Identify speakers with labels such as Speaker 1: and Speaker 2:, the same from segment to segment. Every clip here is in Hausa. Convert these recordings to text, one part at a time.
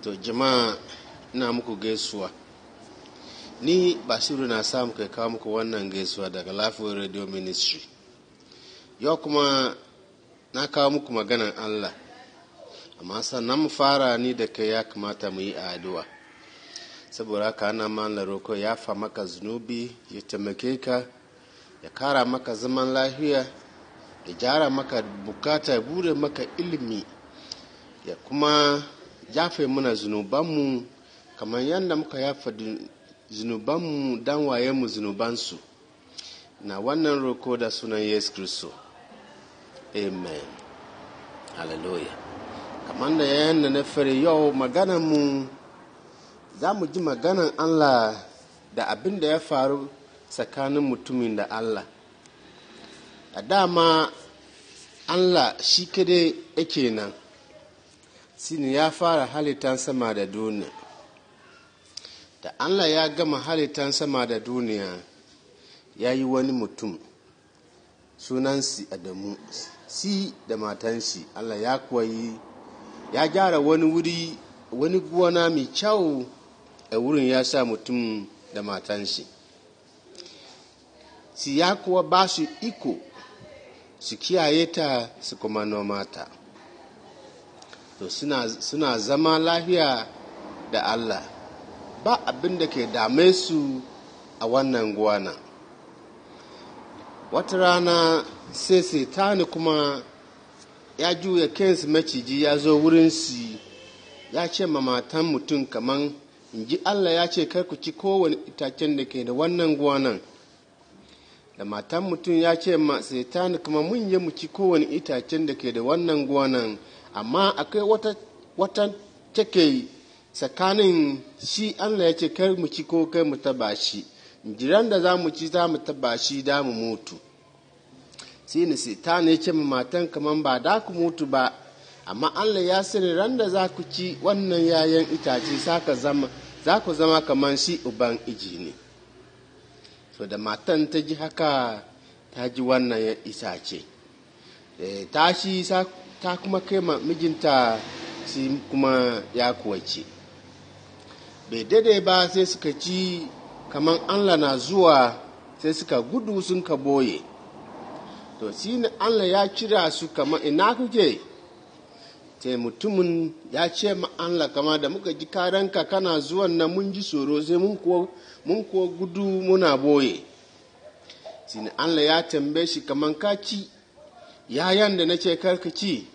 Speaker 1: to jama'a ina muku gaisuwa ni bashiru na samu kai kawo muku wannan gaisuwa daga lafiyar radio ministry yau kuma na kawo muku maganan allah amma sannan mu fara ni da kai ya kamata mu yi addu'a saboda haka ana malar roko ya fa maka zunubi ya taimake ka ya kara maka zaman lafiya ya gyara maka bukata ya bude maka ilimi ya kuma yafe muna zunubanmu kamar yadda muka yafa zunubanmu dan mu zunubansu na wannan roko da sunan yesu kristo amen hallelujah kamar da da na fere yau mu za mu ji maganan allah da abin da ya faru tsakanin mutumin da allah a dama allah shi kadai yake nan shine ya fara halittan sama da duniya da allah ya gama halittan sama da duniya ya yi wani mutum sunansi adamu si da matanshi allah ya kuwa ya gyara wani wuri wani gona mai kyau a wurin ya sa mutum da matanshi si ya kuwa ba su iko su kiyaye ta su kuma nomata to suna zama lafiya da allah ba abin da ke dame su a wannan gwana wata rana sai ni kuma ya juya kensu maciji ya zo wurinsu ya ce ma matan mutum kaman in ji allah ya ce kar ku ci kowane itacen da ke da wannan gwanan da matan mutum ya ce ma ni kuma mun yi mu ci kowane itacen da ke da wannan gwanan amma akwai wata take tsakanin shi Allah ya ce kai mu ci ko kai mu taba shi jiran da za mu ci za mu taba shi da mu mutu sai ni ta ne ce matan kaman ba da ku mutu ba amma Allah ya sani ran da za ku ci wannan yayan itace saka zama za ku zama kaman shi uban iji ne so da matan ta ji haka ta ji wannan itace eh, tashi ta kuma kai ma mijinta su kuma ya kuwace bai daidai ba sai suka ci kamar allah na zuwa sai suka gudu sun ka boye to shi allah ya kira su kama ina kuke sai mutumin ya ce ma allah kama da muka ji karanka kana zuwan na mun ji tsoro sai mun kuwa gudu muna boye shi allah ya tambaye shi kamar ci. yayan da nace karka ci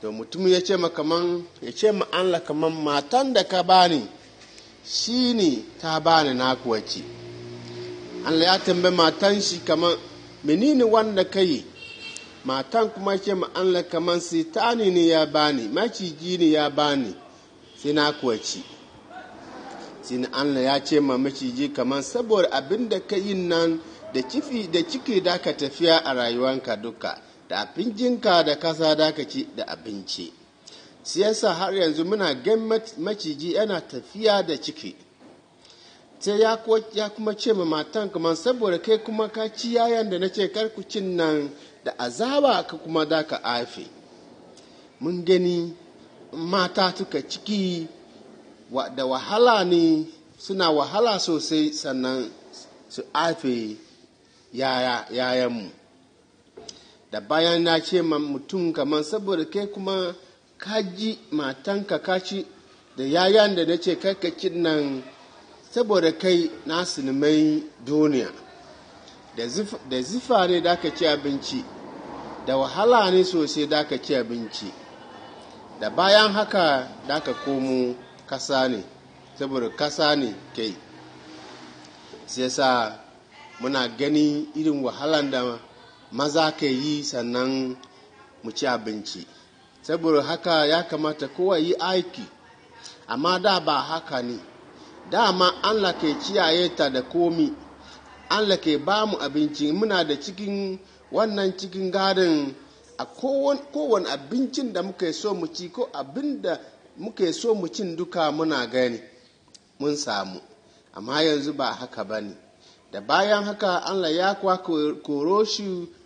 Speaker 1: to mutum ya ce ma kaman ya ce ma Allah kaman matan da ka bani shine ta bani na kuwa ci Allah ya tambaye matan shi kaman menene wanda kai matan kuma ce ma Allah kaman sitani ne ya bani maciji ne ya bani sai na kuwa ci sai Allah ya ce ma maciji kaman saboda abin da ka yin nan da kifi da ciki da ka tafiya a rayuwanka duka da abincinka da kasa da ka ci da abinci siyasa har yanzu muna gan maciji yana tafiya da ciki sai ya kuma ce ma matan kuma saboda kai kuma ka ci yayan da na ce karkucin nan da azaba ka kuma da ka afe mun gani mata tuka ciki da wahala ne suna wahala sosai sannan su afe yayanmu da bayan na ce ma mutum kamar saboda kai kuma kaji matanka kaci da yayan da na ce karkacin nan saboda kai na sinimai duniya da zifa ne da aka ci abinci da wahala ne sosai da aka ci abinci da bayan haka da aka komo kasa ne saboda kasa ne kai sai sa muna gani irin wahalan da maza ke yi sannan mu ci abinci saboda haka ya kamata kowa yi aiki amma da ba haka ne dama allah ke ciyaye ta da komi allah ke ba mu abinci muna da cikin wannan cikin gadin a kowane abincin da muke so mu ci ko abin da muke so mu cin duka muna gani mun samu amma yanzu ba haka ba ne da bayan haka Allah ya kuwa koro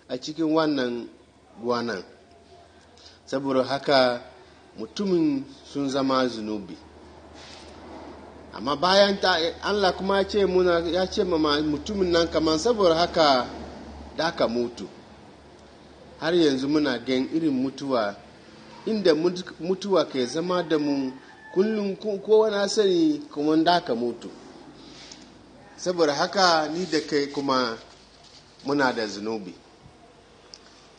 Speaker 1: a cikin wannan gwanan saboda haka mutumin sun zama zunubi amma bayan ta Allah kuma ya ce muna ce ma mutumin nan kamar saboda haka da ka mutu har yanzu muna gan irin mutuwa inda mutuwa ke zama da mu kullum kowa na sani kuma da ka mutu saboda haka ni da kai kuma muna da zunubi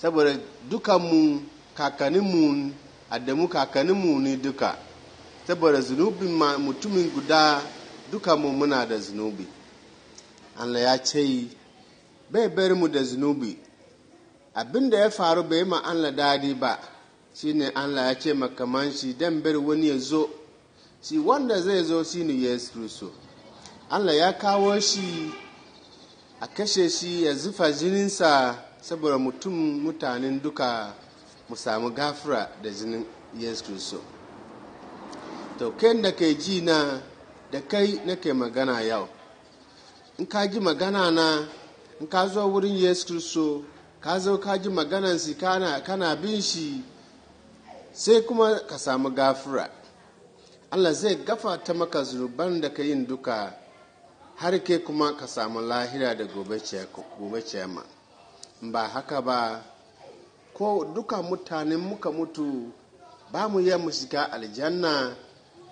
Speaker 1: saboda dukanmu kakanninmu adamu kakanninmu ne duka saboda zunubin mutumin guda dukanmu muna da zunubi allah ya ce bai bari mu da zunubi abin da ya faru bai ma allah dadi ba shine allah ya ce makamanshi don bari wani ya zo shi wanda zai zo shine yesu kristo Allah ya kawo shi a kashe shi ya zufa jininsa saboda mutum mutanen duka mu samu gafura da jinin yesu kristo to kai da kai ji na da kai nake magana yau in ka ji magana na in ka zo wurin yesu kristo ka zo ka ji maganansu kana, kana bin shi sai kuma ka samu gafura allah zai gafa ta maka zunuban da ka yin duka har ke kuma ka samu lahira da gobe ciyama ba haka ba ko duka mutanen muka mutu ba mu yi mu shiga aljanna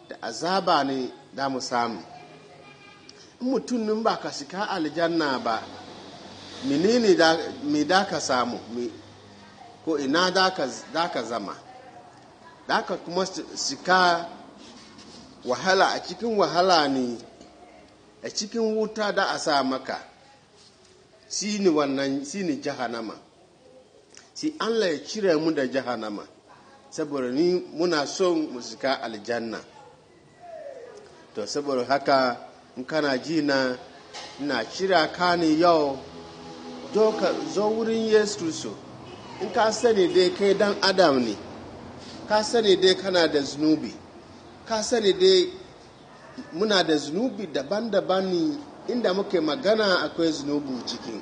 Speaker 1: da azaba ne da mu samu mutumin ba ka shiga aljanna ba menene me da ka samu ko ina da ka zama da ka kuma shiga wahala a cikin wahala ne a cikin wuta da a sa maka shi ne wannan shi ne jahanama allah ya cire mu da jahannama saboda ni muna son mu shiga aljanna to saboda haka in kana ji na ina cira ka ne yau zo wurin yesu kristo in ka sani dai kai dan adam ne ka sani dai kana da zunubi ka sani dai muna da zunubi daban-daban ne inda muke magana akwai zunubi ciki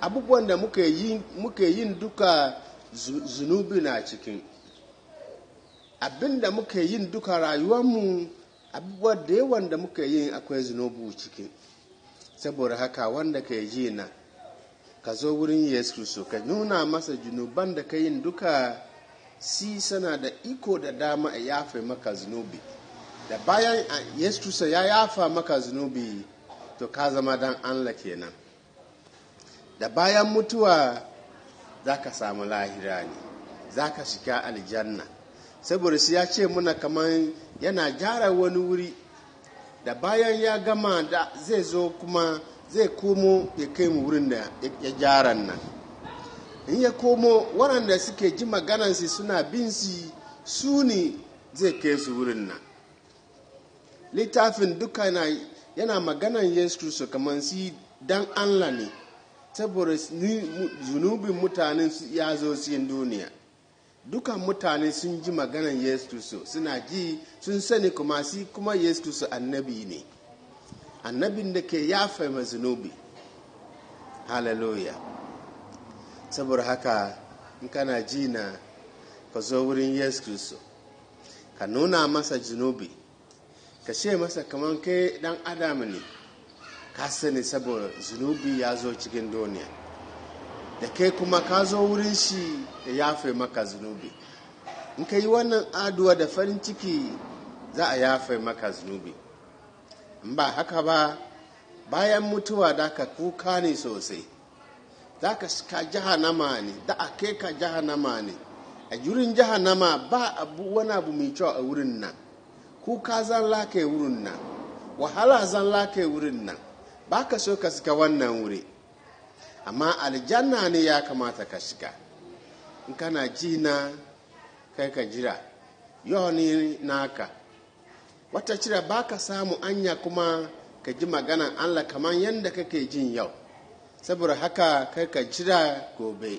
Speaker 1: abubuwan da muke yin duka zunubi na cikin abinda muke yin duka rayuwarmu abubuwa da yawan da muke yin akwai zunubi ciki saboda haka wanda ka yi na ka zo wurin yesu su ka nuna masa zunuban da ka yin duka si sana da iko da dama a yafe maka zunubi da bayan yesu ya yafa maka zunubi to ka zama dan allah kenan da bayan mutuwa za ka samu lahira ne za ka shiga aljanna saboda su ya ce muna kamar yana gyara wani wuri da bayan ya gama da zai zo kuma zai komo ya kai mu wurin da ya gyara nan in ya komo waɗanda suke ji maganansu suna bin su ne zai kai su wurin nan littafin duka yana maganan yesu kristo kamar si dan allah ne saboda zunubin mutane ya zo cikin duniya dukan mutane sun ji maganan yesu kristo suna ji sun sani kuma si kuma yesu kristo annabi ne annabin da ke ya fahimta zunubi hallelujah saboda haka in kana ji na ka zo wurin yesu kristo ka nuna masa zunubi ka ce masa kamar kai dan adam ne ka sani saboda zunubi ya zo cikin duniya da kai kuma ka zo wurin shi da yafe maka zunubi in ka yi wannan aduwa da farin ciki za a yafe maka zunubi in ba haka ba bayan mutuwa da ka kuka ne sosai za ka ka jahannama ne da a kai ka jahannama ne a jurin jahannama ba abu wani abu mai kyau a wurin nan kuka zan lake wurin nan wahala zan lake wurin nan ba ka so ka shiga wannan wuri amma aljanna ne ya kamata ka shiga in kana ji na kai ka jira yau ne naka wata cira ba ka samu anya kuma ka ji maganan allah kamar yadda kake jin yau saboda haka kai ka jira gobe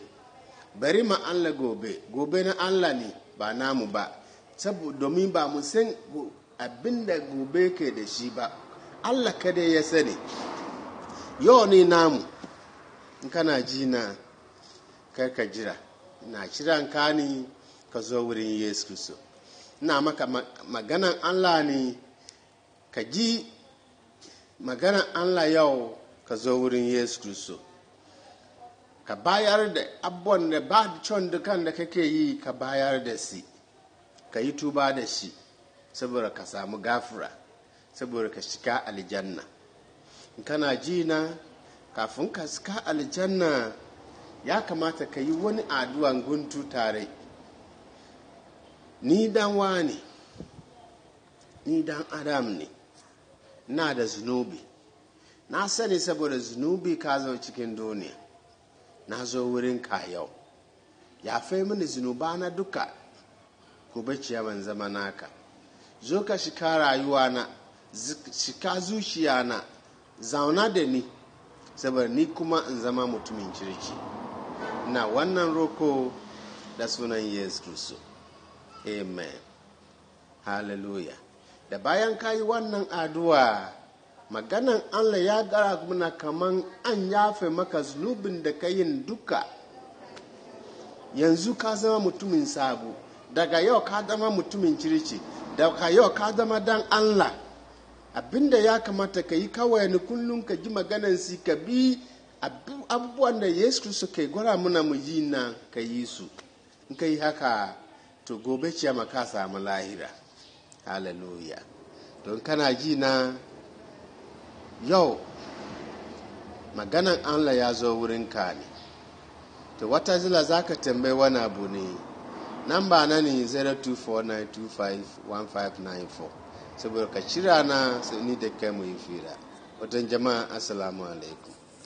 Speaker 1: bari ma allah gobe gobe na allah ne ba namu ba saboda domin ba mu san abin da gobe ke da shi ba allah kada ya sani yau ne namu in kana ji na karka jira na kiran ka ne ka zo wurin yesu kristo na maka maganan allah ne ka ji maganan allah yau ka zo wurin yesu kristo ka bayar da abubuwan da ba da dukan da kake yi ka bayar da si ka yi tuba da shi saboda ka samu gafura saboda ka shiga aljanna kana ji na kafin ka shiga aljanna ya kamata ka yi wani aduwan guntu tare ni dan wani ni dan adam ne na da zunubi na sani saboda zunubi ka zo cikin duniya na zo wurin kayau yau ya fai mini na duka gobe bacciya ban zama naka zo ka shika rayuwa na shika zuciya na zauna da ni saboda ni kuma in zama mutumin kirki na wannan roko da sunan yesu kristo amen hallelujah da bayan kayi wannan aduwa maganan allah ya gara muna kaman an yafe maka zunubin da kayin duka yanzu ka zama mutumin sabo daga yau ka zama mutumin kirki daga yau ka zama dan allah abinda ya kamata ka yi kawai ni kullum ka ji maganan si ka bi abubuwan da yesu kristo kai gwara muna mu yi nan ka yi su in ka yi haka to gobe ciyama ka samu lahira hallelujah don kana ji na yau maganan allah ya zo wurin ka ne to wata zila za ka tambayi wani abu ne namba na ne 0249251594 saboda ka cira na sai ni da kai mu yi fira watan jama'a assalamu alaikum